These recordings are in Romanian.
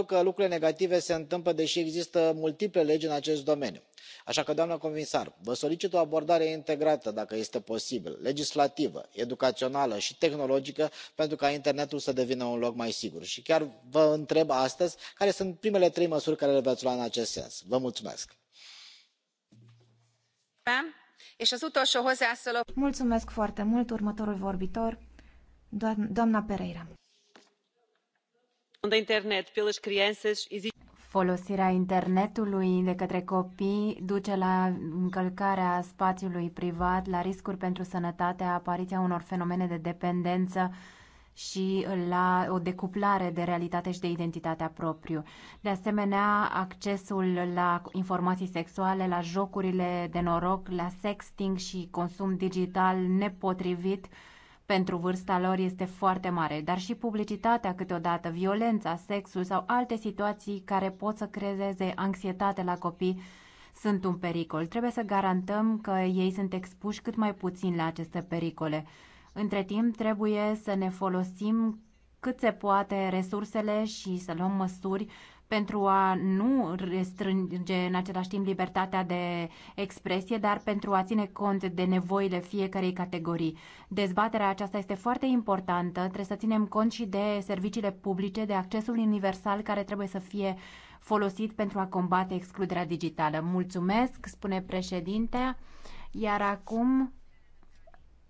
faptul că lucrurile negative se întâmplă deși există multiple legi în acest domeniu așa că doamnă comisar vă solicit o abordare integrată dacă este posibil legislativă educațională și tehnologică pentru ca internetul să devină un loc mai sigur și chiar vă întreb astăzi care sunt primele trei măsuri pe care le veți lua în acest sens. vă mulțumesc. mulțumesc foarte mult următorul vorbitor doamna pereira. Da Folosirea internetului de către copii duce la încălcarea spațiului privat, la riscuri pentru sănătate, apariția unor fenomene de dependență și la o decuplare de realitate și de identitatea propriu. De asemenea, accesul la informații sexuale, la jocurile de noroc, la sexting și consum digital nepotrivit pentru vârsta lor este foarte mare, dar și publicitatea câteodată, violența, sexul sau alte situații care pot să creeze anxietate la copii sunt un pericol. Trebuie să garantăm că ei sunt expuși cât mai puțin la aceste pericole. Între timp, trebuie să ne folosim cât se poate resursele și să luăm măsuri pentru a nu restrânge în același timp libertatea de expresie, dar pentru a ține cont de nevoile fiecarei categorii. Dezbaterea aceasta este foarte importantă. Trebuie să ținem cont și de serviciile publice, de accesul universal care trebuie să fie folosit pentru a combate excluderea digitală. Mulțumesc, spune președintea. Iar acum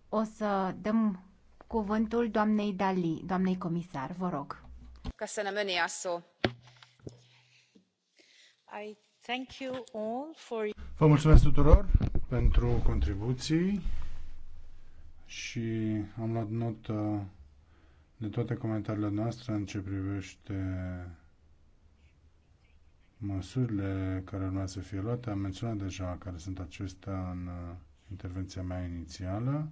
o să dăm cuvântul doamnei Dali, doamnei comisar, vă rog. Ca să ne szó. Vă mulțumesc tuturor pentru contribuții și am luat notă de toate comentariile noastre în ce privește măsurile care urmează să fie luate. Am menționat deja care sunt acestea în uh, intervenția mea inițială.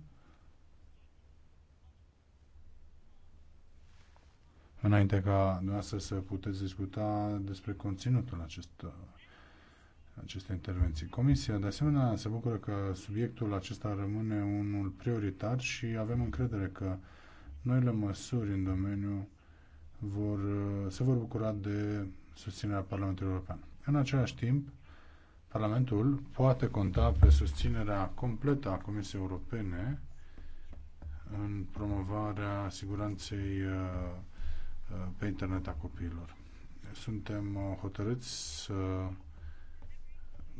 înainte ca dumneavoastră să puteți discuta despre conținutul acestor aceste intervenții. Comisia, de asemenea, se bucură că subiectul acesta rămâne unul prioritar și avem încredere că noile măsuri în domeniu vor, se vor bucura de susținerea Parlamentului European. În același timp, Parlamentul poate conta pe susținerea completă a Comisiei Europene în promovarea siguranței uh, Uh, pe internet a copiilor. Suntem uh, hotărâți să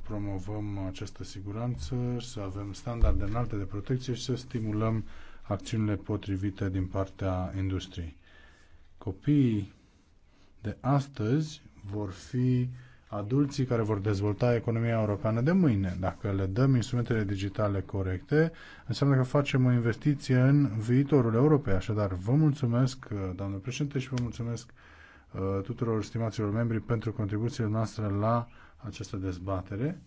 promovăm această siguranță, să avem standarde înalte de protecție și să stimulăm acțiunile potrivite din partea industriei. Copiii de astăzi vor fi adulții care vor dezvolta economia europeană de mâine. Dacă le dăm instrumentele digitale corecte, înseamnă că facem o investiție în viitorul Europei. Așadar, vă mulțumesc, uh, doamnă președinte, și vă mulțumesc uh, tuturor stimaților membri pentru contribuțiile noastre la această dezbatere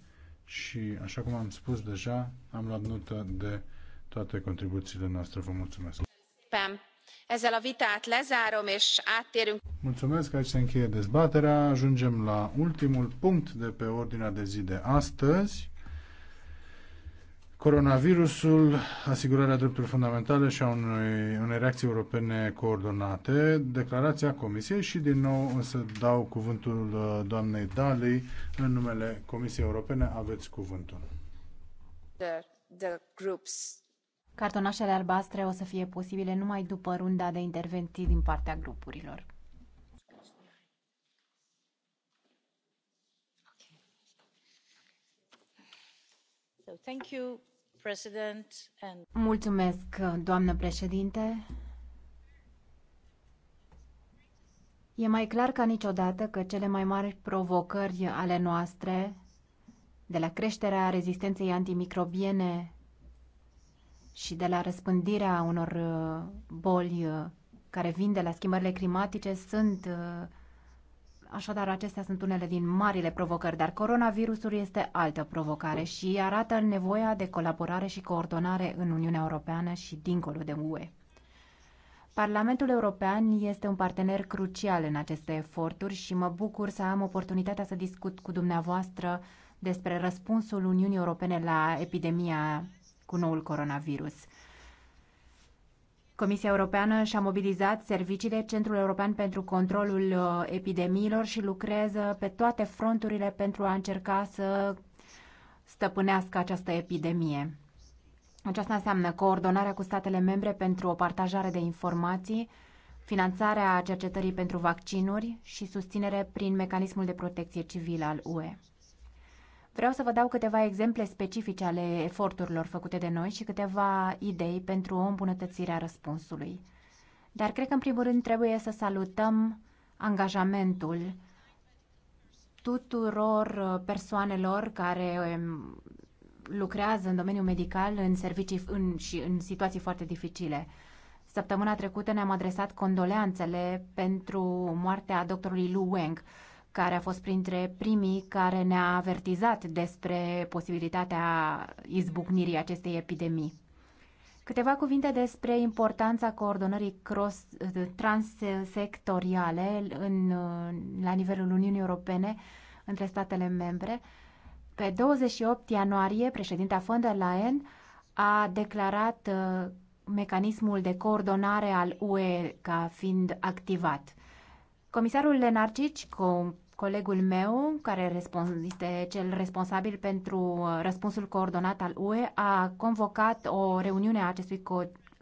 și, așa cum am spus deja, am luat notă de toate contribuțiile noastre. Vă mulțumesc! Pam. Ezzel a vitát lezárom, és áttérünk. Mulțumesc, aici se încheie dezbaterea. Ajungem la ultimul punct de pe ordinea de zi de astăzi. Coronavirusul, asigurarea drepturilor fundamentale și a unui, unei reacții europene coordonate, declarația Comisiei și din nou o să dau cuvântul uh, doamnei Dali în numele Comisiei Europene. Aveți cuvântul. The, the groups Cartonașele albastre o să fie posibile numai după runda de intervenții din partea grupurilor. Mulțumesc, doamnă președinte. E mai clar ca niciodată că cele mai mari provocări ale noastre, de la creșterea rezistenței antimicrobiene și de la răspândirea unor uh, boli uh, care vin de la schimbările climatice sunt uh, Așadar, acestea sunt unele din marile provocări, dar coronavirusul este altă provocare și arată nevoia de colaborare și coordonare în Uniunea Europeană și dincolo de UE. Parlamentul European este un partener crucial în aceste eforturi și mă bucur să am oportunitatea să discut cu dumneavoastră despre răspunsul Uniunii Europene la epidemia cu noul coronavirus. Comisia Europeană și-a mobilizat serviciile Centrul European pentru Controlul uh, Epidemiilor și lucrează pe toate fronturile pentru a încerca să stăpânească această epidemie. Aceasta înseamnă coordonarea cu statele membre pentru o partajare de informații, finanțarea cercetării pentru vaccinuri și susținere prin mecanismul de protecție civilă al UE. Vreau să vă dau câteva exemple specifice ale eforturilor făcute de noi și câteva idei pentru o îmbunătățire a răspunsului. Dar cred că, în primul rând, trebuie să salutăm angajamentul tuturor uh, persoanelor care um, lucrează în domeniul medical în servicii în, și în situații foarte dificile. Săptămâna trecută ne-am adresat condoleanțele pentru moartea doctorului Lu Weng, care a fost printre primii care ne-a avertizat despre posibilitatea izbucnirii acestei epidemii. Câteva cuvinte despre importanța coordonării transsectoriale la nivelul Uniunii Europene între statele membre. Pe 28 ianuarie, președinta von der Leyen a declarat uh, mecanismul de coordonare al UE ca fiind activat. Comisarul Lenarcici, cu colegul meu, care este cel responsabil pentru uh, răspunsul coordonat al UE, a convocat o reuniune a acestui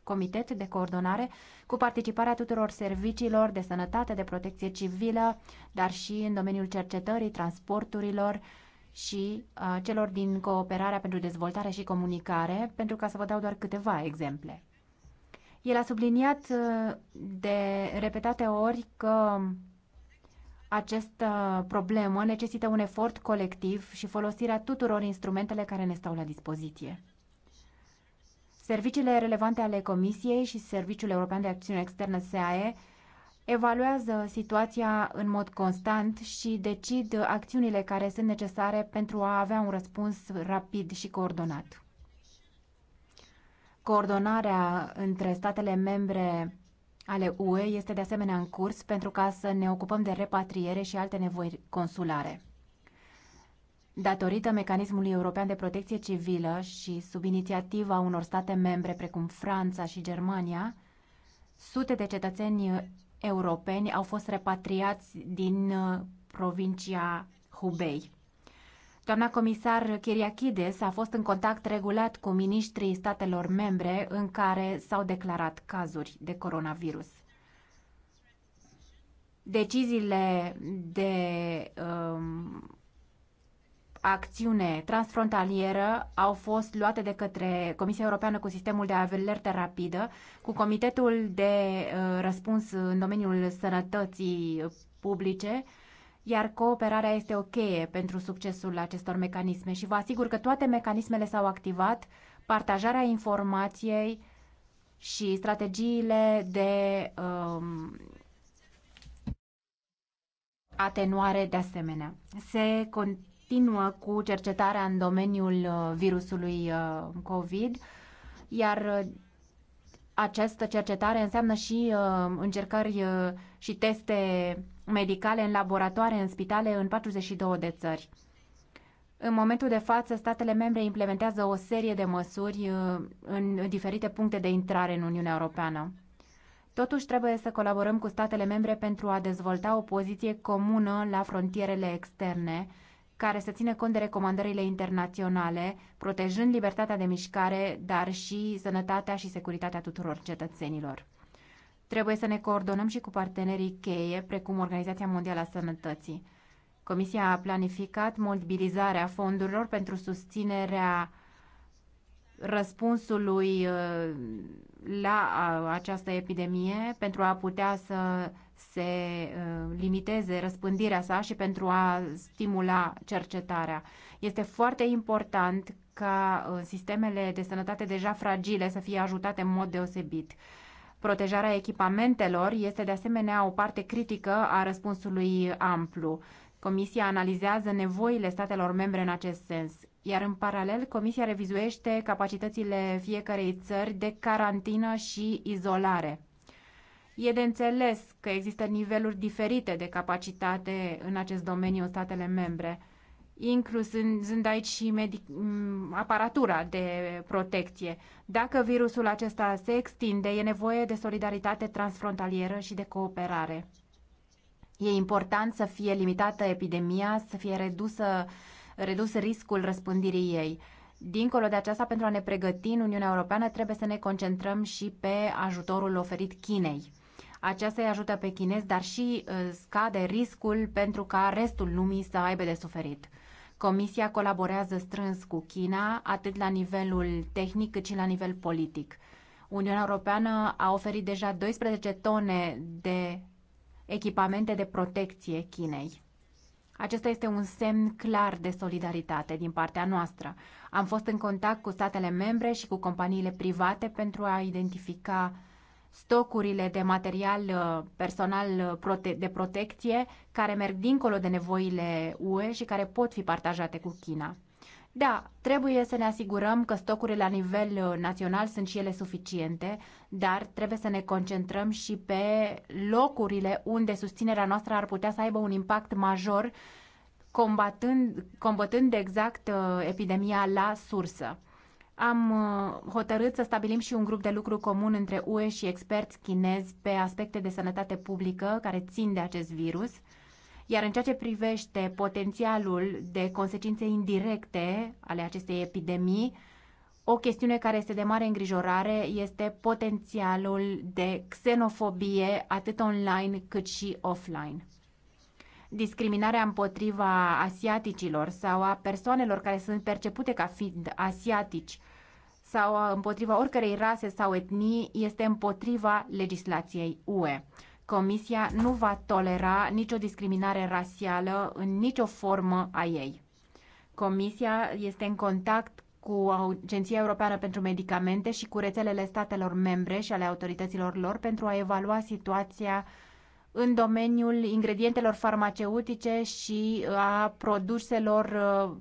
comitet de coordonare cu participarea tuturor serviciilor de sănătate, de protecție civilă, dar și în domeniul cercetării, transporturilor și uh, celor din cooperarea pentru dezvoltare și comunicare, pentru ca să vă dau doar câteva exemple. El a subliniat uh, de repetate ori că această problemă necesită un efort colectiv și folosirea tuturor instrumentele care ne stau la dispoziție. Serviciile relevante ale Comisiei și Serviciul European de Acțiune Externă SAE evaluează situația în mod constant și decid acțiunile care sunt necesare pentru a avea un răspuns rapid și coordonat. Coordonarea între statele membre ale UE este de asemenea în curs pentru ca să ne ocupăm de repatriere și alte nevoi consulare. Datorită mecanismului european de protecție civilă și sub inițiativa unor state membre precum Franța și Germania, sute de cetățeni europeni au fost repatriați din uh, provincia Hubei. Doamna comisar Chiriachides a fost în contact regulat cu ministrii statelor membre în care s-au declarat cazuri de coronavirus. Deciziile de um, acțiune transfrontalieră au fost luate de către Comisia Europeană cu sistemul de avertizare rapidă, cu Comitetul de uh, răspuns în domeniul sănătății publice, uh, iar cooperarea este o cheie pentru succesul acestor mecanisme și vă asigur că toate mecanismele s-au activat, partajarea informației și strategiile de um, atenuare de asemenea. Se continuă cu cercetarea în domeniul uh, virusului uh, COVID, iar uh, această cercetare înseamnă și încercări și teste medicale în laboratoare, în spitale, în 42 de țări. În momentul de față, statele membre implementează o serie de măsuri uh, în diferite puncte de intrare în Uniunea Europeană. Totuși, trebuie să colaborăm cu statele membre pentru a dezvolta o poziție comună la frontierele externe, care să țină cont de recomandările internaționale, protejând libertatea de mișcare, dar și sănătatea și securitatea tuturor cetățenilor. Trebuie să ne coordonăm și cu partenerii cheie, precum Organizația Mondială a Sănătății. Comisia a planificat mobilizarea fondurilor pentru susținerea răspunsului uh, la această epidemie pentru a putea să se uh, limiteze răspândirea sa și pentru a stimula cercetarea. Este foarte important ca uh, sistemele de sănătate deja fragile să fie ajutate în mod deosebit. Protejarea echipamentelor este de asemenea o parte critică a răspunsului amplu. Comisia analizează nevoile statelor membre în acest sens, iar în paralel Comisia revizuiește capacitățile fiecarei țări de carantină și izolare. E de înțeles că există niveluri diferite de capacitate în acest domeniu în statele membre incluzând aici și medic- aparatura de protecție. Dacă virusul acesta se extinde, e nevoie de solidaritate transfrontalieră și de cooperare. E important să fie limitată epidemia, să fie redusă, redus riscul răspândirii ei. Dincolo de aceasta, pentru a ne pregăti în Uniunea Europeană, trebuie să ne concentrăm și pe ajutorul oferit Chinei. Aceasta îi ajută pe chinezi, dar și uh, scade riscul pentru ca restul lumii să aibă de suferit. Comisia colaborează strâns cu China, atât la nivelul tehnic cât și la nivel politic. Uniunea Europeană a oferit deja 12 tone de echipamente de protecție Chinei. Acesta este un semn clar de solidaritate din partea noastră. Am fost în contact cu statele membre și cu companiile private pentru a identifica stocurile de material uh, personal uh, de protecție care merg dincolo de nevoile UE și care pot fi partajate cu China. Da, trebuie să ne asigurăm că stocurile la nivel uh, național sunt și ele suficiente, dar trebuie să ne concentrăm și pe locurile unde susținerea noastră ar putea să aibă un impact major combătând, combătând exact epidemia la sursă am uh, hotărât să stabilim și un grup de lucru comun între UE și experți chinezi pe aspecte de sănătate publică care țin de acest virus. Iar în ceea ce privește potențialul de consecințe indirecte ale acestei epidemii, o chestiune care este de mare îngrijorare este potențialul de xenofobie atât online cât și offline. Discriminarea împotriva asiaticilor sau a persoanelor care sunt percepute ca fiind asiatici sau uh, împotriva oricărei rase sau etnii este împotriva legislației UE. Comisia nu va tolera nicio discriminare rasială în nicio formă a ei. Comisia este în contact cu Agenția Europeană pentru Medicamente și cu rețelele statelor membre și ale autorităților lor pentru a evalua situația în domeniul ingredientelor farmaceutice și a produselor uh,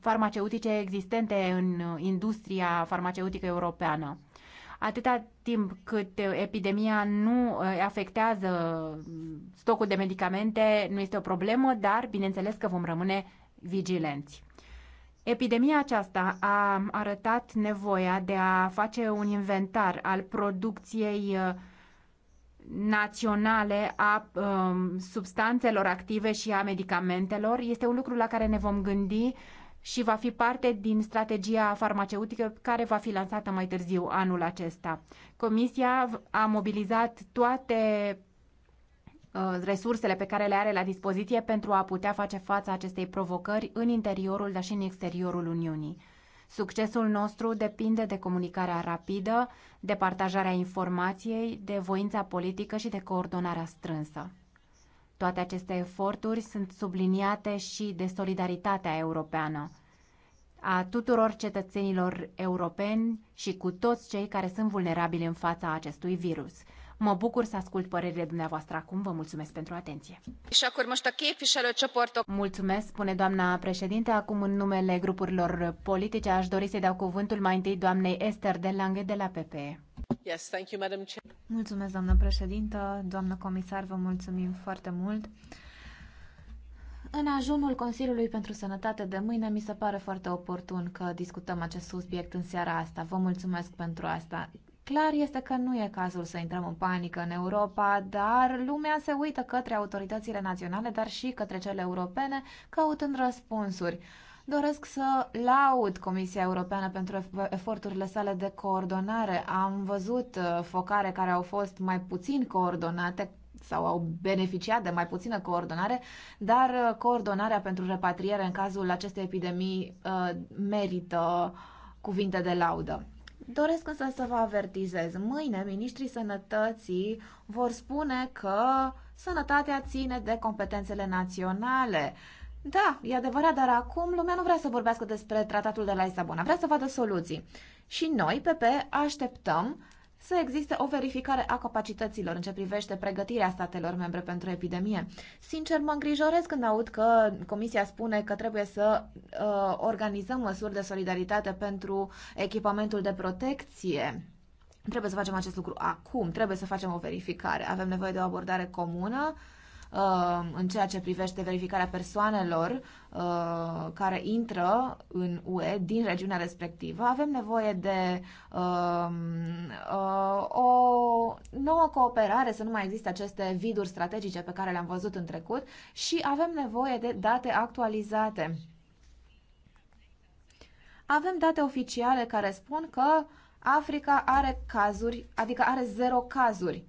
farmaceutice existente în industria farmaceutică europeană. Atâta timp cât epidemia nu uh, afectează stocul de medicamente, nu este o problemă, dar bineînțeles că vom rămâne vigilenți. Epidemia aceasta a arătat nevoia de a face un inventar al producției uh, naționale a um, substanțelor active și a medicamentelor este un lucru la care ne vom gândi și va fi parte din strategia farmaceutică care va fi lansată mai târziu anul acesta. Comisia a mobilizat toate uh, resursele pe care le are la dispoziție pentru a putea face față acestei provocări în interiorul, dar și în exteriorul Uniunii. Succesul nostru depinde de comunicarea rapidă, de partajarea informației, de voința politică și de coordonarea strânsă. Toate aceste eforturi sunt subliniate și de solidaritatea europeană a tuturor cetățenilor europeni și cu toți cei care sunt vulnerabili în fața acestui virus. Mă bucur să ascult părerile dumneavoastră acum. Vă mulțumesc pentru atenție. Mulțumesc, spune doamna președinte. Acum, în numele grupurilor politice, aș dori să-i dau cuvântul mai întâi doamnei Esther de Lange de la PPE. Yes, thank you, Madam Chair. Mulțumesc, doamnă președintă, doamnă comisar, vă mulțumim foarte mult. În ajunul Consiliului pentru Sănătate de mâine mi se pare foarte oportun că discutăm acest subiect în seara asta. Vă mulțumesc pentru asta. Clar este că nu e cazul să intrăm în panică în Europa, dar lumea se uită către autoritățile naționale, dar și către cele europene, căutând răspunsuri. Doresc să laud Comisia Europeană pentru eforturile sale de coordonare. Am văzut uh, focare care au fost mai puțin coordonate sau au beneficiat de mai puțină coordonare, dar uh, coordonarea pentru repatriere în cazul acestei epidemii uh, merită cuvinte de laudă. Doresc însă să vă avertizez. Mâine, ministrii sănătății vor spune că sănătatea ține de competențele naționale. Da, e adevărat, dar acum lumea nu vrea să vorbească despre tratatul de la Lisabona, vrea să vadă soluții. Și noi, PP, așteptăm să existe o verificare a capacităților în ce privește pregătirea statelor membre pentru epidemie. Sincer, mă îngrijorez când aud că Comisia spune că trebuie să uh, organizăm măsuri de solidaritate pentru echipamentul de protecție. Trebuie să facem acest lucru acum, trebuie să facem o verificare. Avem nevoie de o abordare comună uh, Uh, în ceea ce privește verificarea persoanelor uh, care intră în UE din regiunea respectivă. Avem nevoie de um, uh, o nouă cooperare, să nu mai existe aceste viduri strategice pe care le-am văzut în trecut și avem nevoie de date actualizate. Avem date oficiale care spun că Africa are cazuri, adică are zero cazuri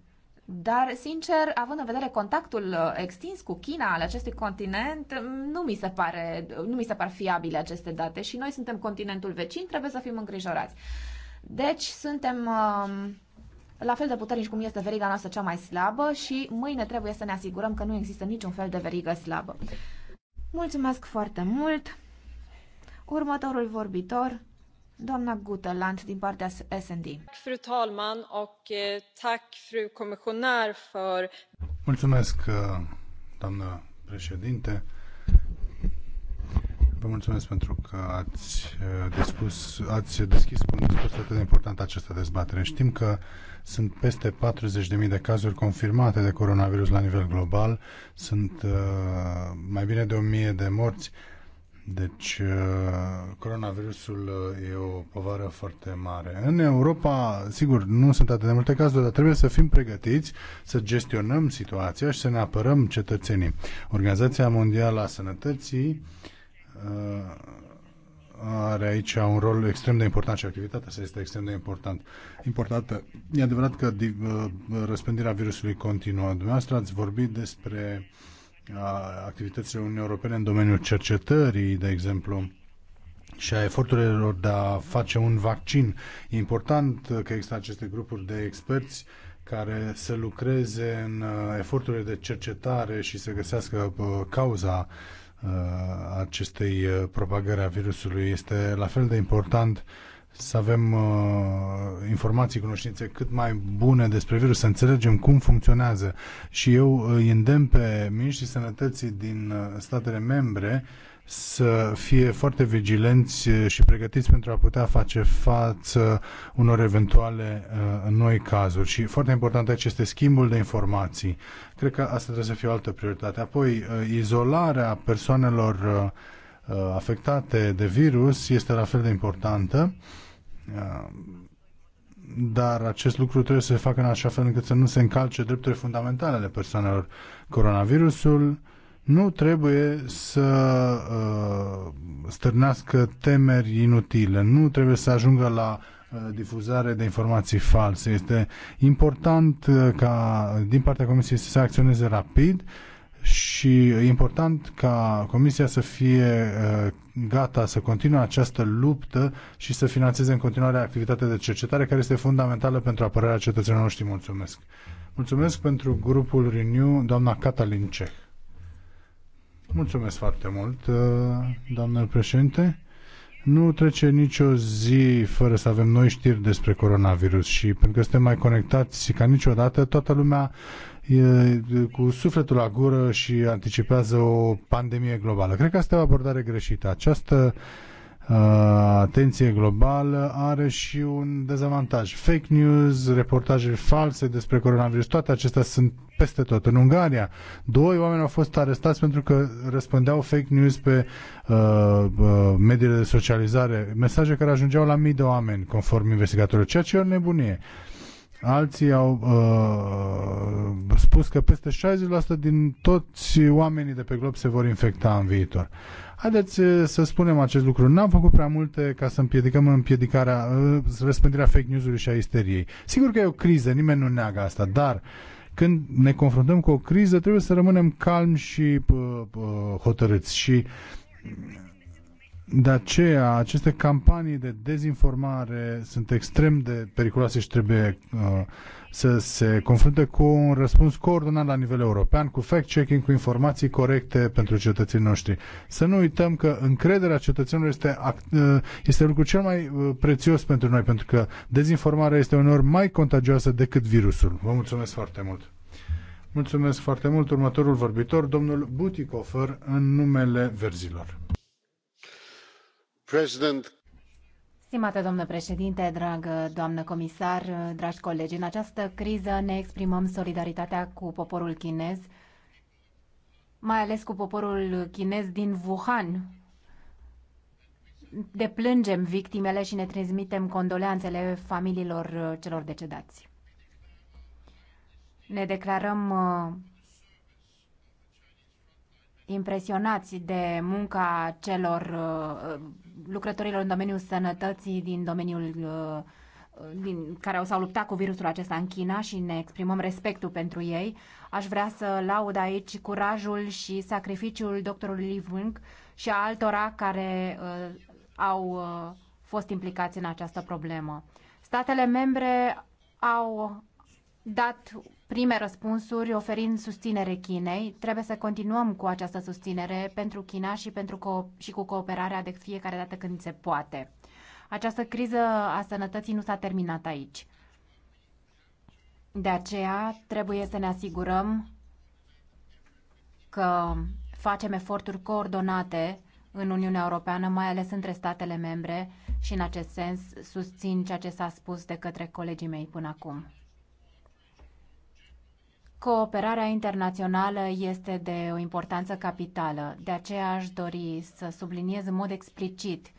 dar, sincer, având în vedere contactul uh, extins cu China al acestui continent, nu mi se, pare, uh, nu mi se par fiabile aceste date și noi suntem continentul vecin, trebuie să fim îngrijorați. Deci, suntem um, la fel de puternici cum este veriga noastră cea mai slabă și mâine trebuie să ne asigurăm că nu există niciun fel de verigă slabă. Mulțumesc foarte mult! Următorul vorbitor Doamna Guteland din partea SND. Fru talman och eh, tack fru kommissionär för... Mulțumesc, eh, doamna președinte. Vă mulțumesc pentru că ați, eh, dispus, ați deschis un discurs atât de important această dezbatere. Știm că sunt peste 40.000 de cazuri confirmate de coronavirus la nivel global, sunt uh, mai bine de 1.000 de morți. Uh, deci, uh, coronavirusul uh, e o povară foarte mare. În Europa, sigur, nu sunt atât de multe cazuri, dar trebuie să fim pregătiți să gestionăm situația și să ne apărăm cetățenii. Organizația Mondială a Sănătății uh, are aici un rol extrem de important și activitatea asta este extrem de important, importantă. E adevărat că răspândirea virusului continuă. Dumneavoastră ați vorbit despre activităților Uniunii Europene în domeniul cercetării, de exemplu, și a eforturilor de a face un vaccin. E important că există aceste grupuri de experți care să lucreze în uh, eforturile de cercetare și să găsească uh, cauza uh, acestei propagări a virusului. Este la fel de important să avem uh, informații, cunoștințe cât mai bune despre virus, să înțelegem cum funcționează. Și eu îi uh, îndemn pe miniștrii sănătății din uh, statele membre să fie foarte vigilenți uh, și pregătiți pentru a putea face față unor eventuale uh, noi cazuri. Și foarte important aici este schimbul de informații. Cred că asta trebuie să fie o altă prioritate. Apoi, uh, izolarea persoanelor uh, afectate de virus este la fel de importantă. Uh, Ehm, dar acest lucru trebuie să se facă în așa fel încât să nu se încalce drepturile fundamentale ale persoanelor. Coronavirusul nu trebuie să ehm, stârnească temeri inutile, nu trebuie să ajungă la ehm, difuzare de informații false. Este important ca din partea Comisiei să se acționeze rapid și e important ca Comisia să fie gata să continue această luptă și să finanțeze în continuare activitatea de cercetare care este fundamentală pentru apărarea cetățenilor noștri. Mulțumesc! Mulțumesc pentru grupul Renew, doamna Catalin Ceh. Mulțumesc foarte mult, uh, doamnă președinte. Nu trece nicio zi fără să avem noi știri despre coronavirus și pentru că suntem mai conectați ca niciodată, toată lumea e cu sufletul la gură și anticipează o pandemie globală. Cred că asta e o abordare greșită. Această uh, atenție globală are și un dezavantaj. Fake news, reportaje false despre coronavirus, toate acestea sunt peste tot. În Ungaria, doi oameni au fost arestați pentru că răspândeau fake news pe uh, uh, mediile de socializare, mesaje care ajungeau la mii de oameni, conform investigatorilor, ceea ce e o nebunie. Alții au uh, spus că peste 60% din toți oamenii de pe glob se vor infecta în viitor. Haideți uh, să spunem acest lucru. N-am făcut prea multe ca să împiedicăm împiedicarea, uh, răspândirea fake news-ului și a isteriei. Sigur că e o criză, nimeni nu neagă asta, dar când ne confruntăm cu o criză, trebuie să rămânem calmi și uh, hotărâți. Și de aceea, aceste campanii de dezinformare sunt extrem de periculoase și trebuie uh, să se confrunte cu un răspuns coordonat la nivel european, cu fact-checking, cu informații corecte pentru cetățenii noștri. Să nu uităm că încrederea cetățenilor este, uh, este lucrul cel mai uh, prețios pentru noi, pentru că dezinformarea este uneori mai contagioasă decât virusul. Vă mulțumesc foarte mult! Mulțumesc foarte mult. Următorul vorbitor, domnul Butikofer, în numele verzilor. President... Stimate domnule președinte, dragă doamnă comisar, dragi colegi, în această criză ne exprimăm solidaritatea cu poporul chinez, mai ales cu poporul chinez din Wuhan. Deplângem victimele și ne transmitem condoleanțele familiilor celor decedați. Ne declarăm uh, impresionați de munca celor uh, lucrătorilor în domeniul sănătății, din domeniul uh, din, care s-au luptat cu virusul acesta în China și ne exprimăm respectul pentru ei. Aș vrea să laud aici curajul și sacrificiul doctorului Li Wing și a altora care uh, au uh, fost implicați în această problemă. Statele membre au dat prime răspunsuri oferind susținere Chinei. Trebuie să continuăm cu această susținere pentru China și, pentru co- și cu cooperarea de fiecare dată când se poate. Această criză a sănătății nu s-a terminat aici. De aceea trebuie să ne asigurăm că facem eforturi coordonate în Uniunea Europeană, mai ales între statele membre și în acest sens susțin ceea ce s-a spus de către colegii mei până acum. Cooperarea internațională este de o importanță capitală. De aceea aș dori să subliniez în mod explicit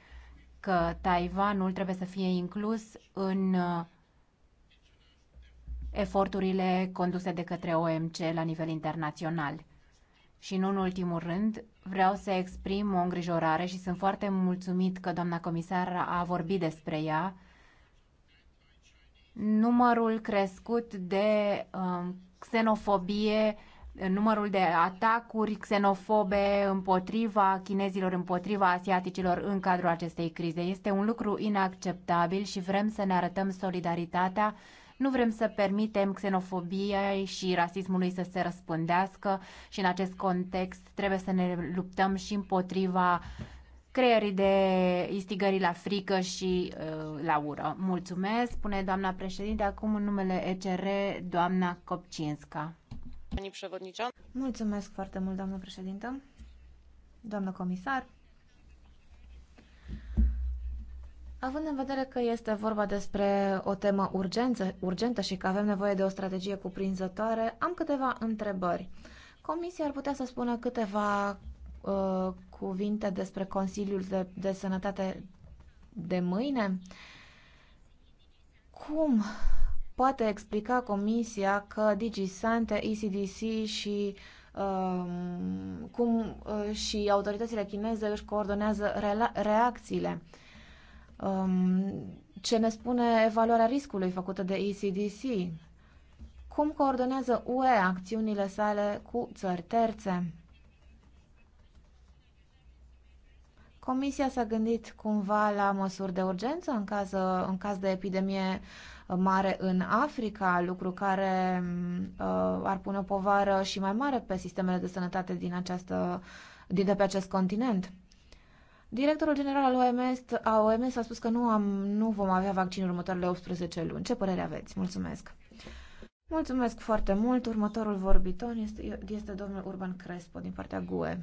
că Taiwanul trebuie să fie inclus în uh, eforturile conduse de către OMC la nivel internațional. Și nu în ultimul rând, vreau să exprim o îngrijorare și sunt foarte mulțumit că doamna comisar a vorbit despre ea. Numărul crescut de uh, xenofobie, numărul de atacuri xenofobe împotriva chinezilor, împotriva asiaticilor în cadrul acestei crize. Este un lucru inacceptabil și vrem să ne arătăm solidaritatea. Nu vrem să permitem xenofobiei și rasismului să se răspândească și în acest context trebuie să ne luptăm și împotriva uh, creierii de instigării la frică și uh, la ură. Mulțumesc, spune doamna președinte, acum în numele ECR, doamna Copcinska. Mulțumesc foarte mult, doamnă președintă, doamnă comisar. Având în vedere că este vorba despre o temă urgență, urgentă și că avem nevoie de o strategie cuprinzătoare, am câteva întrebări. Comisia ar putea să spună câteva uh, cuvinte despre Consiliul de, de Sănătate de mâine? Cum poate explica Comisia că DigiSante, ECDC și um, cum uh, și autoritățile chineze își coordonează reacțiile? Um, ce ne spune evaluarea riscului făcută de ECDC? Cum coordonează UE acțiunile sale cu țări terțe? Comisia s-a gândit cumva la măsuri de urgență în caz, în caz de epidemie mare în Africa, lucru care uh, ar pune o povară și mai mare pe sistemele de sănătate din această, de pe acest continent. Directorul general al OMS a, OMS a spus că nu, am, nu vom avea vaccin în următoarele 18 luni. Ce părere aveți? Mulțumesc! Mulțumesc foarte mult. Următorul vorbiton este, este domnul Urban Crespo din partea GUE.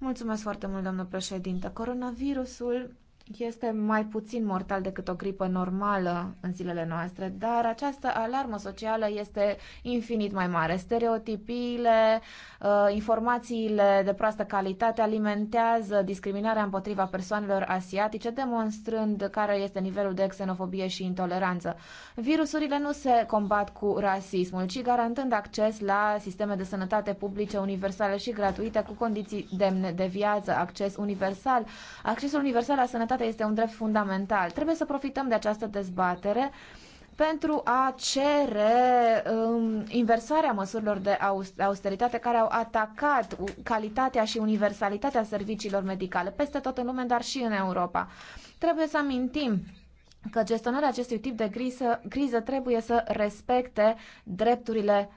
Mulțumesc foarte mult, doamnă președintă. Coronavirusul este mai puțin mortal decât o gripă normală în zilele noastre, dar această alarmă socială este infinit mai mare. Stereotipiile, uh, informațiile de proastă calitate alimentează discriminarea împotriva persoanelor asiatice, demonstrând care este nivelul de xenofobie și intoleranță. Virusurile nu se combat cu rasismul, ci garantând acces la sisteme de sănătate publice universale și gratuite cu condiții demne de viață, acces universal, accesul universal la sănătate sănătate este un drept fundamental. Trebuie să profităm de această dezbatere pentru a cere um, inversarea măsurilor de austeritate care au atacat calitatea și universalitatea serviciilor medicale peste tot în lume, dar și în Europa. Trebuie să amintim că gestionarea acestui tip de criză, criză trebuie să respecte drepturile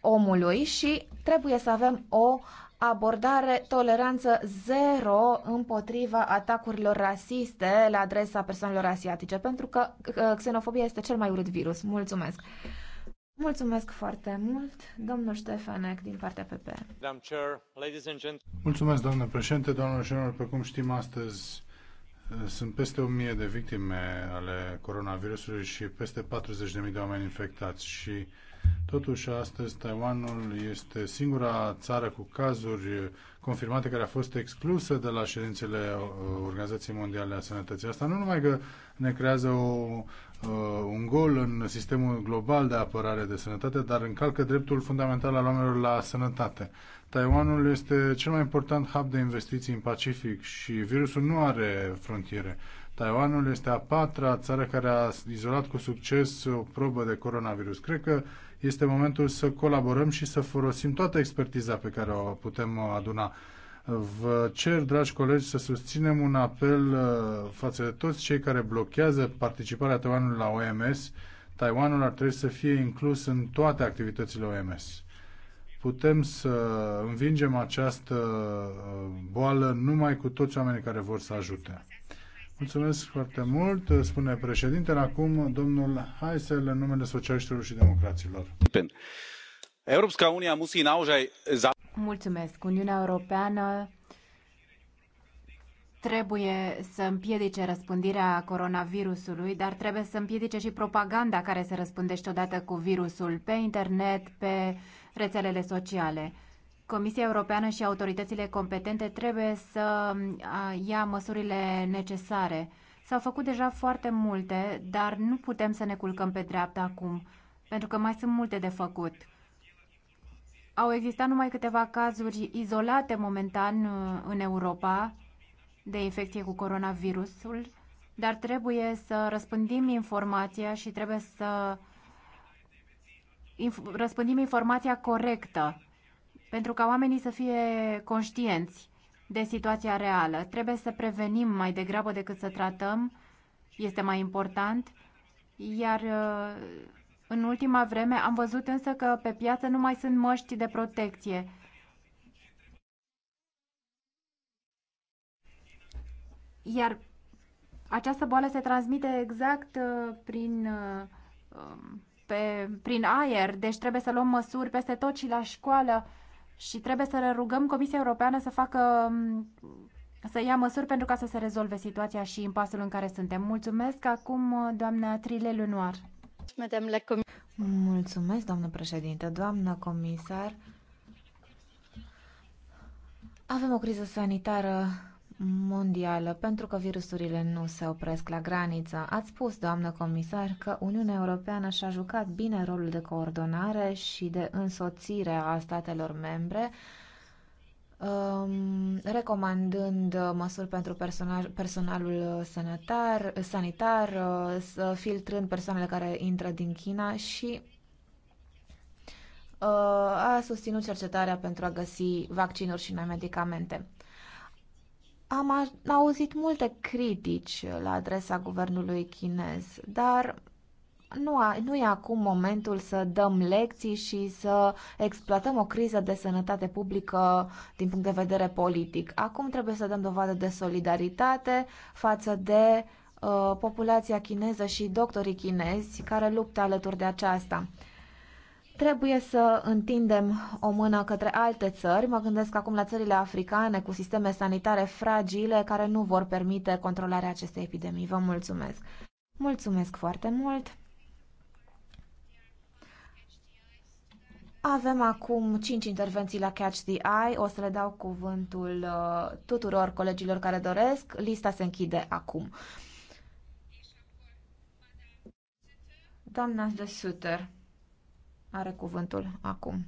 omului și trebuie să avem o abordare toleranță zero împotriva atacurilor rasiste la adresa persoanelor asiatice, pentru că xenofobia este cel mai urât virus. Mulțumesc! Mulțumesc foarte mult, domnul Ștefanec, din partea PP. Mulțumesc, doamnă președinte, doamnă și domnilor, precum știm astăzi, sunt peste 1000 de victime ale coronavirusului și peste 40.000 de oameni infectați și Totuși, astăzi Taiwanul este singura țară cu cazuri confirmate care a fost exclusă de la ședințele uh, Organizației Mondiale a Sănătății. Asta nu numai că ne creează o, uh, un gol în sistemul global de apărare de sănătate, dar încalcă dreptul fundamental al oamenilor la sănătate. Taiwanul este cel mai important hub de investiții în Pacific și virusul nu are frontiere. Taiwanul este a patra țară care a izolat cu succes o probă de coronavirus. Cred că este momentul să colaborăm și să folosim toată expertiza pe care o putem aduna. Vă cer, dragi colegi, să susținem un apel uh, față de toți cei care blochează participarea Taiwanului la OMS. Taiwanul ar trebui să fie inclus în toate activitățile OMS. Putem să învingem această uh, boală numai cu toți oamenii care vor să ajute. Mulțumesc foarte mult, spune președintele. Acum domnul Heisel în numele socialiștilor și democraților. Europska Unia musí naozaj... Mulțumesc. Uniunea Europeană trebuie să împiedice răspândirea coronavirusului, dar trebuie să împiedice și propaganda care se răspândește odată cu virusul pe internet, pe rețelele sociale. Comisia Europeană și autoritățile competente trebuie să ia măsurile necesare. S-au făcut deja foarte multe, dar nu putem să ne culcăm pe dreapta acum, pentru că mai sunt multe de făcut. Au existat numai câteva cazuri izolate momentan uh, în Europa de infecție cu coronavirusul, dar trebuie să răspândim informația și trebuie să inf- răspândim informația corectă pentru ca oamenii să fie conștienți de situația reală. Trebuie să prevenim mai degrabă decât să tratăm, este mai important, iar uh, în ultima vreme am văzut însă că pe piață nu mai sunt măști de protecție. Iar această boală se transmite exact uh, prin, uh, um, pe, prin aer, deci trebuie să luăm măsuri peste tot și la școală și trebuie să le rugăm Comisia Europeană să facă să ia măsuri pentru ca să se rezolve situația și impasul în care suntem. Mulțumesc acum doamna Trile Lunoar. Mulțumesc, doamnă președinte, doamnă comisar. Avem o criză sanitară mondială, pentru că virusurile nu se opresc la graniță. Ați spus, doamnă comisar, că Uniunea Europeană și-a jucat bine rolul de coordonare și de însoțire a statelor membre, um, recomandând măsuri pentru personalul sanitar, uh, sanitar, filtrând persoanele care intră din China și uh, a susținut cercetarea pentru a găsi vaccinuri și noi medicamente. Am auzit multe critici la adresa guvernului chinez, dar nu, a, nu e acum momentul să dăm lecții și să exploatăm o criză de sănătate publică din punct de vedere politic. Acum trebuie să dăm dovadă de solidaritate față de uh, populația chineză și doctorii chinezi care luptă alături de aceasta. Trebuie să întindem o mână către alte țări. Mă gândesc acum la țările africane cu sisteme sanitare fragile care nu vor permite controlarea acestei epidemii. Vă mulțumesc! Mulțumesc foarte mult! Avem acum 5 intervenții la Catch the Eye. O să le dau cuvântul uh, tuturor colegilor care doresc. Lista se închide acum. Doamna de Suter are cuvântul acum.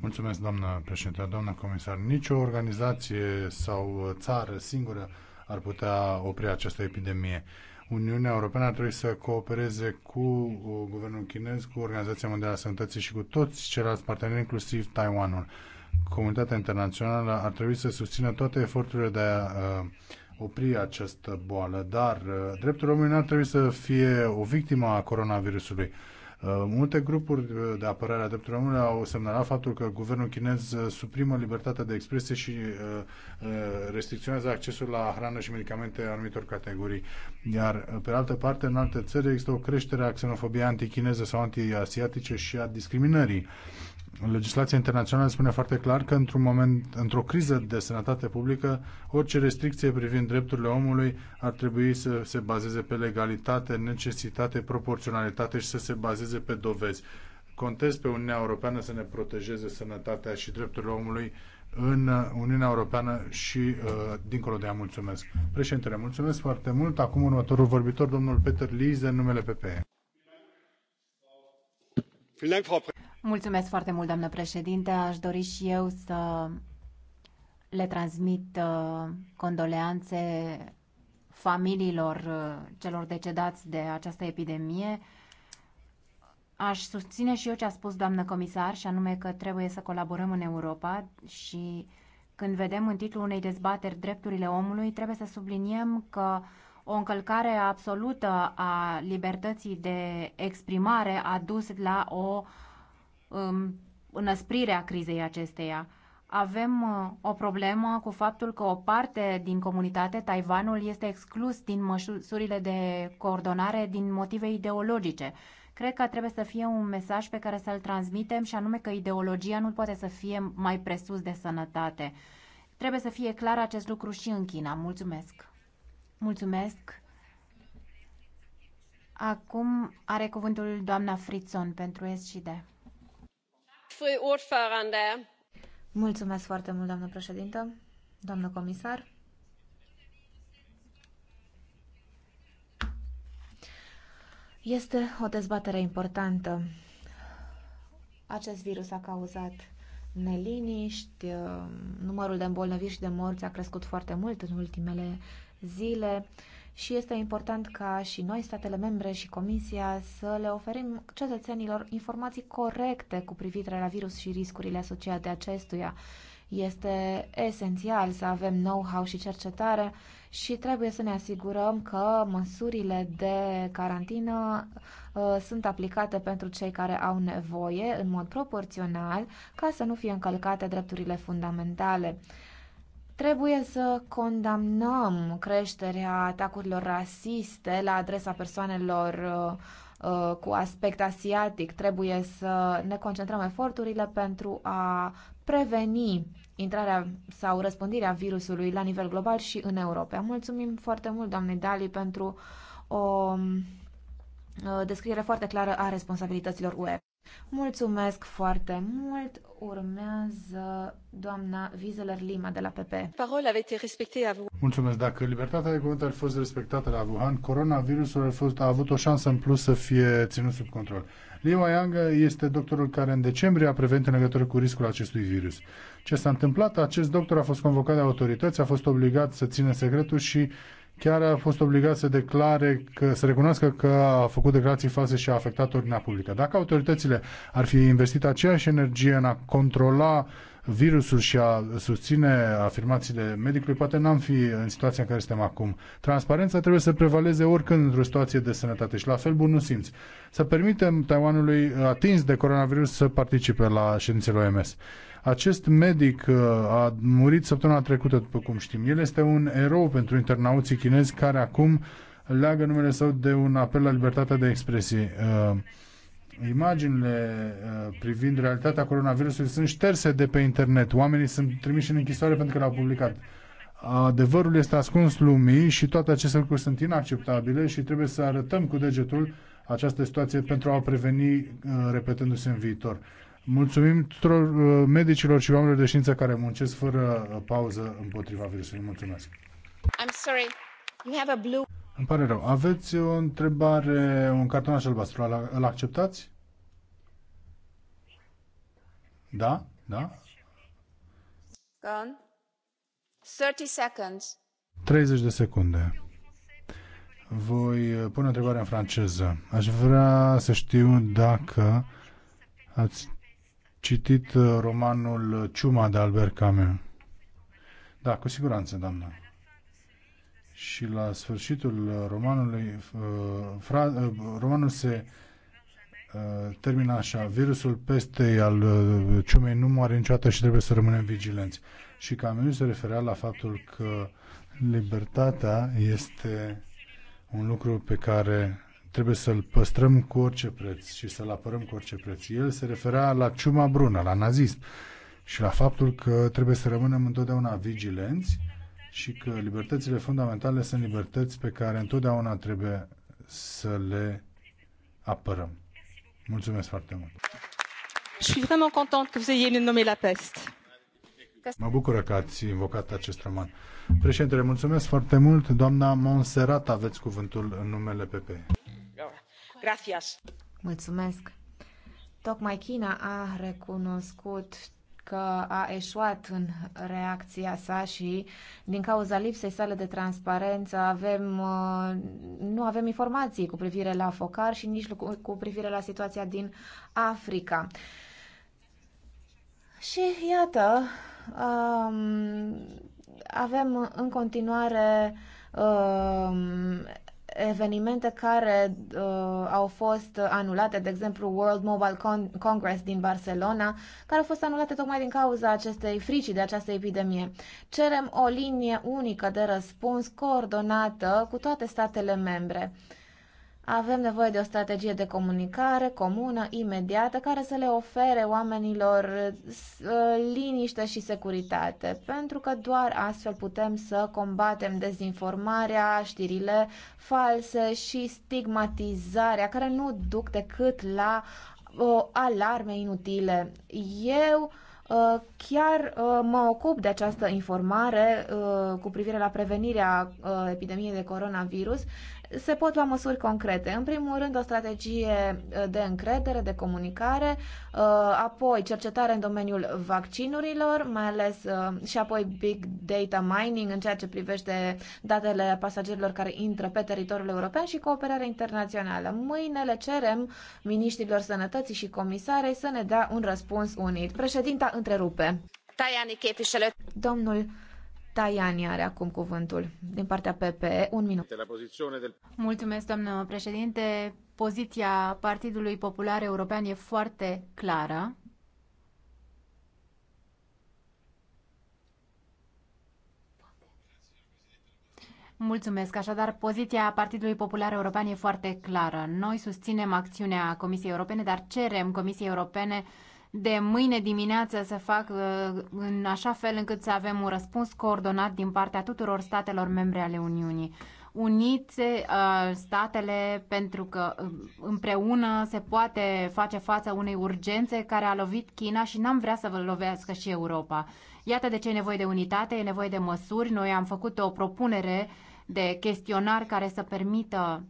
Mulțumesc, doamnă președintă, doamnă comisar. Nicio organizație sau țară singură ar putea opri această epidemie. Uniunea Europeană ar trebui să coopereze cu uh, guvernul chinez, cu Organizația Mondială a Sănătății și cu toți ceilalți parteneri, inclusiv Taiwanul. Comunitatea internațională ar trebui să susțină toate eforturile de a uh, opri această boală, dar uh, dreptul omului ar trebui să fie o victimă a coronavirusului. Uh, multe grupuri uh, de apărare a drepturilor omului au semnalat faptul că guvernul chinez suprimă libertatea de expresie și restricționează accesul la hrană și medicamente anumitor categorii. Iar, pe altă parte, în alte țări există o creștere a xenofobiei antichineze sau antiasiatice și a discriminării legislația internațională spune foarte clar că într-un moment, într-o criză de sănătate publică, orice restricție privind drepturile omului ar trebui să se bazeze pe legalitate, necesitate, proporționalitate și să se bazeze pe dovezi. Contez pe Uniunea Europeană să ne protejeze sănătatea și drepturile omului în Uniunea Europeană și uh, dincolo de ea mulțumesc. Președintele, mulțumesc foarte mult. Acum următorul vorbitor, domnul Peter Lise, în numele PPE. Mulțumesc foarte mult, doamnă președinte. Aș dori și eu să le transmit uh, condoleanțe familiilor uh, celor decedați de această epidemie. Aș susține și eu ce a spus doamnă comisar, și anume că trebuie să colaborăm în Europa și când vedem în titlul unei dezbateri drepturile omului, trebuie să subliniem că o încălcare absolută a libertății de exprimare a dus la o uh, Um, înăsprirea crizei acesteia. Avem uh, o problemă cu faptul că o parte din comunitate, Taiwanul, este exclus din măsurile de coordonare din motive ideologice. Cred că trebuie să fie un mesaj pe care să-l transmitem și anume că ideologia nu poate să fie mai presus de sănătate. Trebuie să fie clar acest lucru și în China. Mulțumesc! Mulțumesc! Acum are cuvântul doamna Fritzon pentru S Mulțumesc foarte mult, doamnă președintă, doamnă comisar. Este o dezbatere importantă. Acest virus a cauzat neliniști, uh, numărul de îmbolnăviri și de morți a crescut foarte mult în ultimele zile și este important ca și noi, statele membre și Comisia, să le oferim cetățenilor informații corecte cu privire la virus și riscurile asociate acestuia. Este esențial să avem know-how și cercetare și trebuie să ne asigurăm că măsurile de carantină uh, sunt aplicate pentru cei care au nevoie în mod proporțional ca să nu fie încălcate drepturile fundamentale. Trebuie să condamnăm creșterea atacurilor rasiste la adresa persoanelor uh, uh, cu aspect asiatic. Trebuie să ne concentrăm eforturile pentru a preveni intrarea sau răspândirea virusului la nivel global și în Europa. Mulțumim foarte mult, doamne Dali, pentru o uh, descriere foarte clară a responsabilităților UE. Mulțumesc foarte mult. Urmează doamna Vizeler Lima de la PP. Parola a été respectée à Mulțumesc. Dacă libertatea de cuvânt ar fost respectată la Wuhan, coronavirusul a, fost, a avut o șansă în plus să fie ținut sub control. Liu Yang este doctorul care în decembrie a prevenit în legătură cu riscul acestui virus. Ce s-a întâmplat? Acest doctor a fost convocat de autorități, a fost obligat să țină secretul și chiar a fost obligat să declare, că, să recunoască că a făcut declarații false și a afectat ordinea publică. Dacă autoritățile ar fi investit aceeași energie în a controla virusul și a susține afirmațiile medicului, poate n-am fi în situația în care suntem acum. Transparența trebuie să prevaleze oricând într-o situație de sănătate și la fel bun nu simți. Să permitem Taiwanului atins de coronavirus să participe la ședințele OMS. Acest medic uh, a murit săptămâna trecută, după cum știm. El este un erou pentru internauții chinezi care acum leagă numele său de un apel la libertatea de expresie. Uh, imaginile uh, privind realitatea coronavirusului sunt șterse de pe internet. Oamenii sunt trimiși în închisoare pentru că l-au publicat. Adevărul este ascuns lumii și toate aceste lucruri sunt inacceptabile și trebuie să arătăm cu degetul această situație pentru a o preveni repetându-se în viitor. Mulțumim tuturor uh, medicilor și oamenilor de știință care muncesc fără uh, pauză împotriva virusului. Mulțumesc. I'm sorry. You have a blue... Îmi pare rău. Aveți o întrebare, un cartonaș albastru. Îl acceptați? Da? Da? Gone. 30 seconds. 30 de secunde. Voi uh, pune întrebarea în franceză. Aș vrea să știu dacă ați citit uh, romanul uh, Ciuma de Albert Camus. Da, cu siguranță, doamnă. Și la sfârșitul uh, romanului, fra, romanul se termină așa, virusul pestei al ciumei nu moare niciodată și trebuie să rămânem vigilenți. Și Camus se referea la faptul că libertatea este un lucru pe care trebuie să-l păstrăm cu orice preț și să-l apărăm cu orice preț. El se referea la ciuma brună, la nazism și la faptul că trebuie să rămânem întotdeauna vigilenți și că libertățile fundamentale sunt libertăți pe care întotdeauna trebuie să le apărăm. Mulțumesc foarte mult! Mă bucur că ați invocat acest roman. Președintele, mulțumesc foarte mult. Doamna Monserrat, aveți cuvântul în numele PP. Gracias. Mulțumesc. Tocmai China a recunoscut că a eșuat în reacția sa și din cauza lipsei sale de transparență avem, uh, nu avem informații cu privire la focar și nici cu privire la situația din Africa. Și iată, um, avem în continuare um, evenimente care uh, au fost anulate, de exemplu World Mobile Con- Congress din Barcelona, care au fost anulate tocmai din cauza acestei fricii de această epidemie. Cerem o linie unică de răspuns coordonată cu toate statele membre. Uh, avem nevoie de o strategie de comunicare comună, imediată, care să le ofere oamenilor uh, liniște și securitate, pentru că doar astfel putem să combatem dezinformarea, știrile false și stigmatizarea, care nu duc decât la o, uh, alarme inutile. Eu uh, chiar mă ocup de această informare cu privire la prevenirea epidemiei de coronavirus se pot lua măsuri concrete. În primul rând, o strategie uh, de încredere, de comunicare, uh, apoi cercetare în domeniul vaccinurilor, mai ales uh, și apoi big data mining în ceea ce privește datele pasagerilor care intră pe teritoriul european și cooperare internațională. Mâine le cerem miniștrilor sănătății și comisarei să ne dea un răspuns unit. Președinta întrerupe. Domnul Taiani are acum cuvântul din partea PPE. Un minut. Mulțumesc, doamnă președinte. Poziția Partidului Popular European e foarte clară. Mulțumesc. Așadar, poziția Partidului Popular European e foarte clară. Noi susținem acțiunea Comisiei Europene, dar cerem Comisiei Europene de mâine dimineață să fac uh, în așa fel încât să avem un răspuns coordonat din partea tuturor statelor membre ale Uniunii. Unite uh, statele pentru că uh, împreună se poate face față unei urgențe care a lovit China și n-am vrea să vă lovească și Europa. Iată de ce e nevoie de unitate, e nevoie de măsuri. Noi am făcut o propunere de chestionar care să permită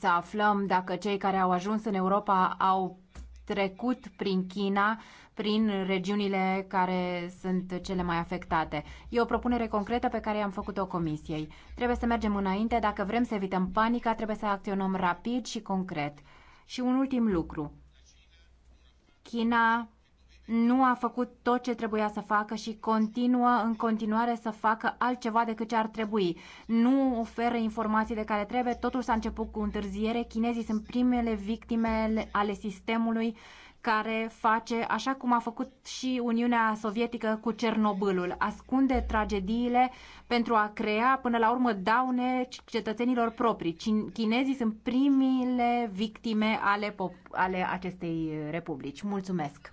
să aflăm dacă cei care au ajuns în Europa au trecut prin China, prin regiunile care sunt cele mai afectate. E o propunere concretă pe care i-am făcut-o comisiei. Trebuie să mergem înainte. Dacă vrem să evităm panica, trebuie să acționăm rapid și concret. Și un ultim lucru. China nu a făcut tot ce trebuia să facă și continuă în continuare să facă altceva decât ce ar trebui. Nu oferă informații de care trebuie, totul s-a început cu întârziere, chinezii sunt primele victime ale sistemului care face, așa cum a făcut și Uniunea Sovietică cu Cernobâlul, ascunde tragediile pentru a crea până la urmă daune cetățenilor proprii. Chinezii sunt primile victime ale, ale acestei republici. Mulțumesc!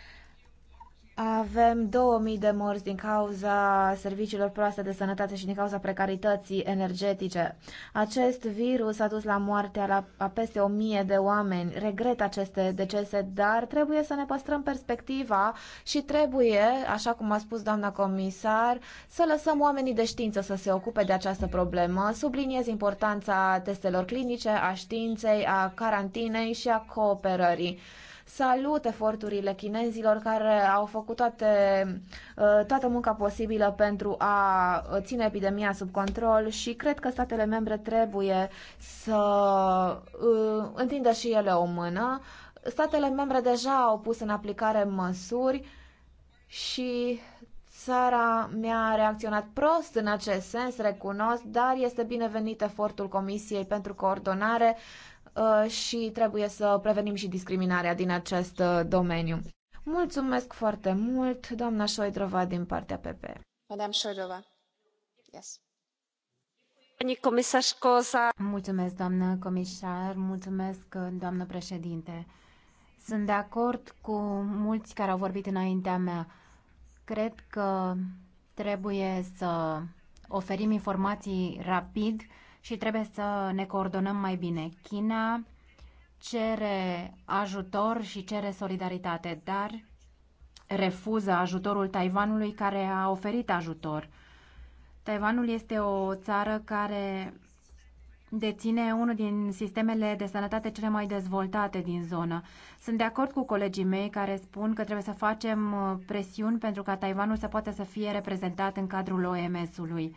avem 2000 de morți din cauza serviciilor proaste de sănătate și din cauza precarității energetice. Acest virus a dus la moartea la, a peste 1000 de oameni. Regret aceste decese, dar trebuie să ne păstrăm perspectiva și trebuie, așa cum a spus doamna comisar, să lăsăm oamenii de știință să se ocupe de această problemă. Subliniez importanța testelor clinice, a științei, a carantinei și a cooperării. Salut eforturile chinezilor care au făcut toate, uh, toată munca posibilă pentru a ține epidemia sub control și cred că statele membre trebuie să uh, întindă și ele o mână. Statele membre deja au pus în aplicare măsuri și țara mi-a reacționat prost în acest sens, recunosc, dar este binevenit efortul Comisiei pentru coordonare uh, Uh, și trebuie să prevenim și discriminarea din acest uh, domeniu. Mulțumesc foarte mult, doamna Șoidrova, din partea PP. Madame Șoidrova. Yes. Mulțumesc, doamnă comisar, mulțumesc, doamnă președinte. Sunt de acord cu mulți care au vorbit înaintea mea. Cred că trebuie să oferim informații rapid și trebuie să ne coordonăm mai bine. China cere ajutor și cere solidaritate, dar refuză ajutorul Taiwanului care a oferit ajutor. Taiwanul este o țară care deține unul din sistemele de sănătate cele mai dezvoltate din zonă. Sunt de acord cu colegii mei care spun că trebuie să facem uh, presiuni pentru ca Taiwanul să poată să fie reprezentat în cadrul OMS-ului.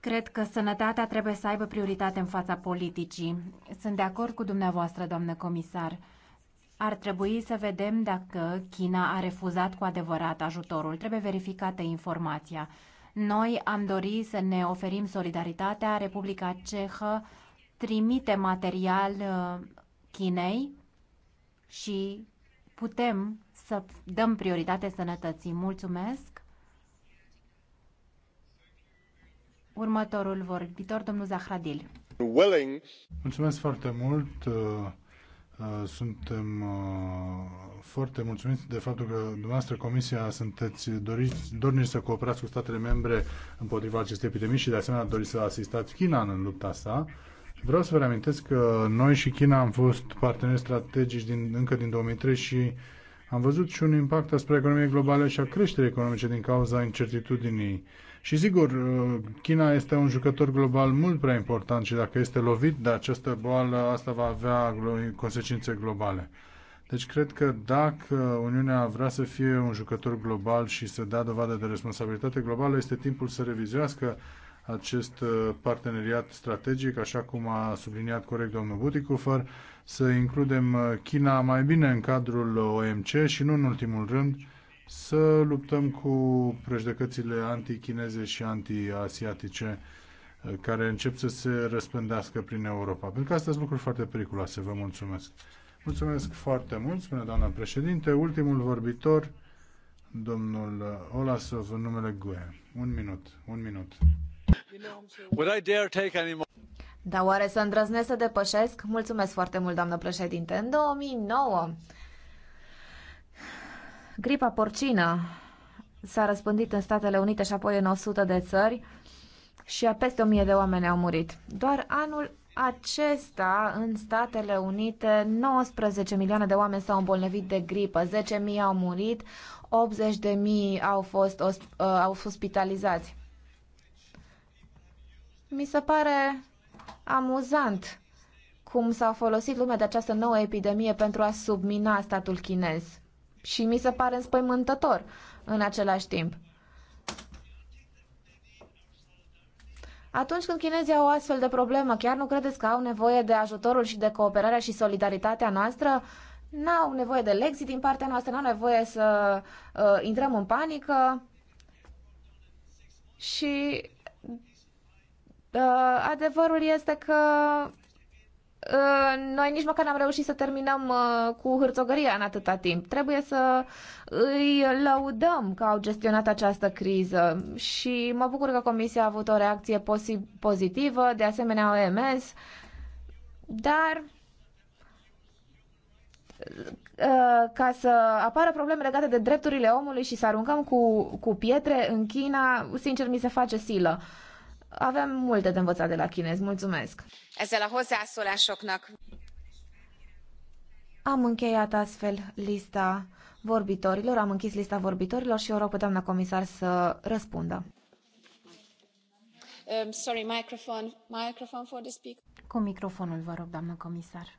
Cred că sănătatea trebuie să aibă prioritate în fața politicii. Sunt de acord cu dumneavoastră, doamnă comisar. Ar trebui să vedem dacă China a refuzat cu adevărat ajutorul. Trebuie verificată informația. Noi am dorit să ne oferim solidaritatea. Republica Cehă trimite material uh, Chinei și putem să dăm prioritate sănătății. Mulțumesc! Următorul vorbitor, domnul Zahradil. Mulțumesc foarte mult. Uh, uh, suntem uh, foarte mulțumiți de faptul că dumneavoastră, Comisia, sunteți doriți, dorniți să cooperați cu statele membre împotriva acestei epidemii și, de asemenea, doriți să asistați China în lupta sa. Vreau să vă reamintesc că noi și China am fost parteneri strategici din, încă din 2003 și am văzut și un impact asupra economiei globale și a creșterii economice din cauza incertitudinii uh, și sigur, uh, China este un jucător global mult prea important și dacă este lovit de această boală, asta va avea consecințe globale. Deci cred că dacă Uniunea vrea să fie un jucător global și să dea dovadă de responsabilitate globală, este timpul să revizuiască acest uh, parteneriat strategic, așa cum a subliniat corect domnul Buticufăr, să includem uh, China mai bine în cadrul OMC și nu în ultimul rând să luptăm cu prejudecățile antichineze și antiasiatice eh, care încep să se răspândească prin Europa. Pentru că astea sunt lucruri foarte periculoase. Vă mulțumesc. Mulțumesc foarte mult, spune doamna președinte. Ultimul vorbitor, domnul Olasov, în numele GUE. Un minut, un minut. Dar da, oare să îndrăznesc să depășesc? Mulțumesc foarte mult, doamnă președinte. În 2009, Gripa porcină s-a răspândit în Statele Unite și apoi în 100 de țări și a peste 1000 de oameni au murit. Doar anul acesta, în Statele Unite, 19 milioane de oameni s-au îmbolnăvit de gripă, 10.000 au murit, 80.000 au fost, ă, au fost spitalizați. Mi se pare amuzant cum s-a folosit lumea de această nouă epidemie pentru a submina statul chinez și mi se pare înspăimântător în același timp. Atunci când chinezii au astfel de problemă, chiar nu credeți că au nevoie de ajutorul și de cooperarea și solidaritatea noastră? N-au nevoie de lecții din partea noastră, n-au nevoie să uh, intrăm în panică și uh, adevărul este că Uh, noi nici măcar n-am reușit să terminăm uh, cu hârțogăria în atâta timp. Trebuie să îi lăudăm că au gestionat această criză și mă bucur că Comisia a avut o reacție pozitivă, de asemenea OMS, dar uh, ca să apară probleme legate de drepturile omului și să aruncăm cu, cu pietre în China, sincer mi se face silă. Uh, avem multe de învățat de la chinezi. Mulțumesc! Ezzel a hozzászólásoknak. Am încheiat astfel lista vorbitorilor, am închis lista vorbitorilor și eu rog pe doamna comisar să răspundă. Um, sorry, microphone. Microphone for the speaker. Cu microfonul, vă rog, doamnă comisar.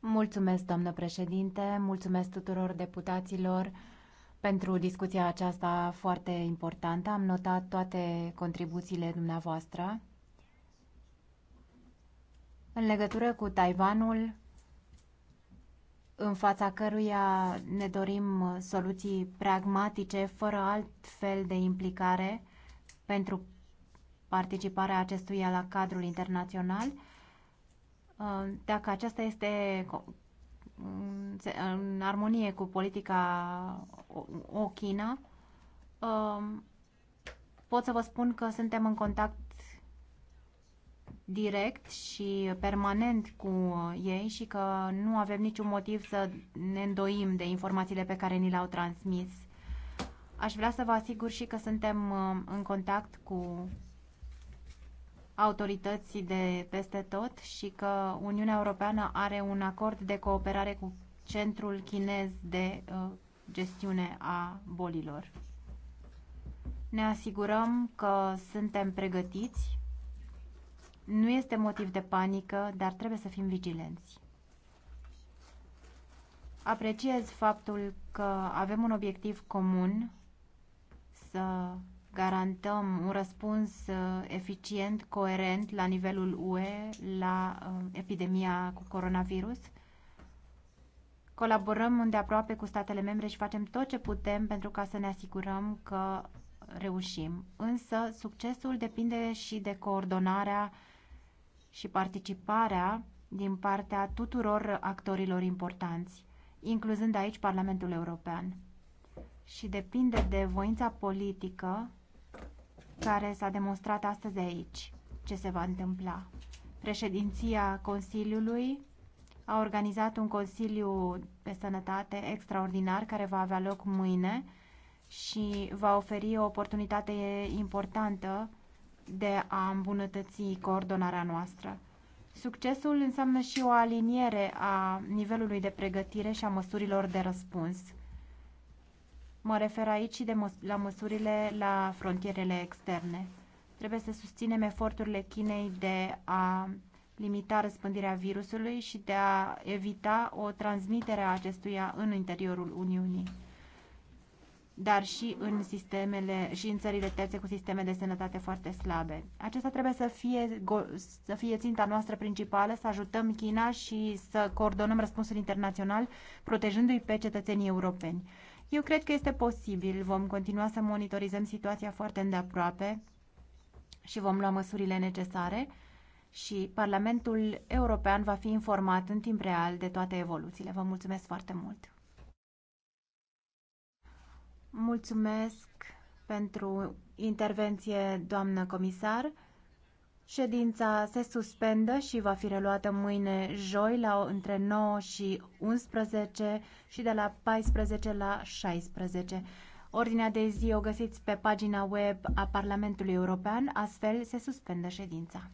Mulțumesc, doamnă președinte, mulțumesc tuturor deputaților pentru discuția aceasta foarte importantă. Am notat toate contribuțiile dumneavoastră. În legătură cu Taiwanul, în fața căruia ne dorim soluții pragmatice, fără alt fel de implicare pentru participarea acestuia la cadrul internațional, uh, dacă aceasta este în armonie cu politica Ochina, um, pot să vă spun că suntem în contact direct și permanent cu ei și că nu avem niciun motiv să ne îndoim de informațiile pe care ni le-au transmis. Aș vrea să vă asigur și că suntem uh, în contact cu autorități de peste tot și că Uniunea Europeană are un acord de cooperare cu Centrul Chinez de uh, Gestiune a Bolilor. Ne asigurăm că suntem pregătiți. Nu este motiv de panică, dar trebuie să fim vigilenți. Apreciez faptul că avem un obiectiv comun să garantăm un răspuns uh, eficient, coerent la nivelul UE la uh, epidemia cu coronavirus. Colaborăm îndeaproape cu statele membre și facem tot ce putem pentru ca să ne asigurăm că reușim. Însă, succesul depinde și de coordonarea și participarea din partea tuturor actorilor importanți, incluzând aici Parlamentul European. Și depinde de voința politică care s-a demonstrat astăzi aici. Ce se va întâmpla? Președinția Consiliului a organizat un Consiliu de Sănătate extraordinar care va avea loc mâine și va oferi o oportunitate importantă de a îmbunătăți coordonarea noastră. Succesul înseamnă și o aliniere a nivelului de pregătire și a măsurilor de răspuns Mă refer aici și de măs la măsurile la frontierele externe. Trebuie să susținem eforturile Chinei de a limita răspândirea virusului și de a evita o transmitere a acestuia în interiorul Uniunii, dar și în, sistemele, și în țările terțe cu sisteme de sănătate foarte slabe. Acesta trebuie să fie, să fie ținta noastră principală, să ajutăm China și să coordonăm răspunsul internațional, protejându-i pe cetățenii europeni. Eu cred că este posibil. Vom continua să monitorizăm situația foarte îndeaproape și vom lua măsurile necesare și Parlamentul European va fi informat în timp real de toate evoluțiile. Vă mulțumesc foarte mult! Mulțumesc pentru intervenție, doamnă comisar. Ședința se suspendă și va fi reluată mâine joi la între 9 și 11 și de la 14 la 16. Ordinea de zi o găsiți pe pagina web a Parlamentului European, astfel se suspendă ședința.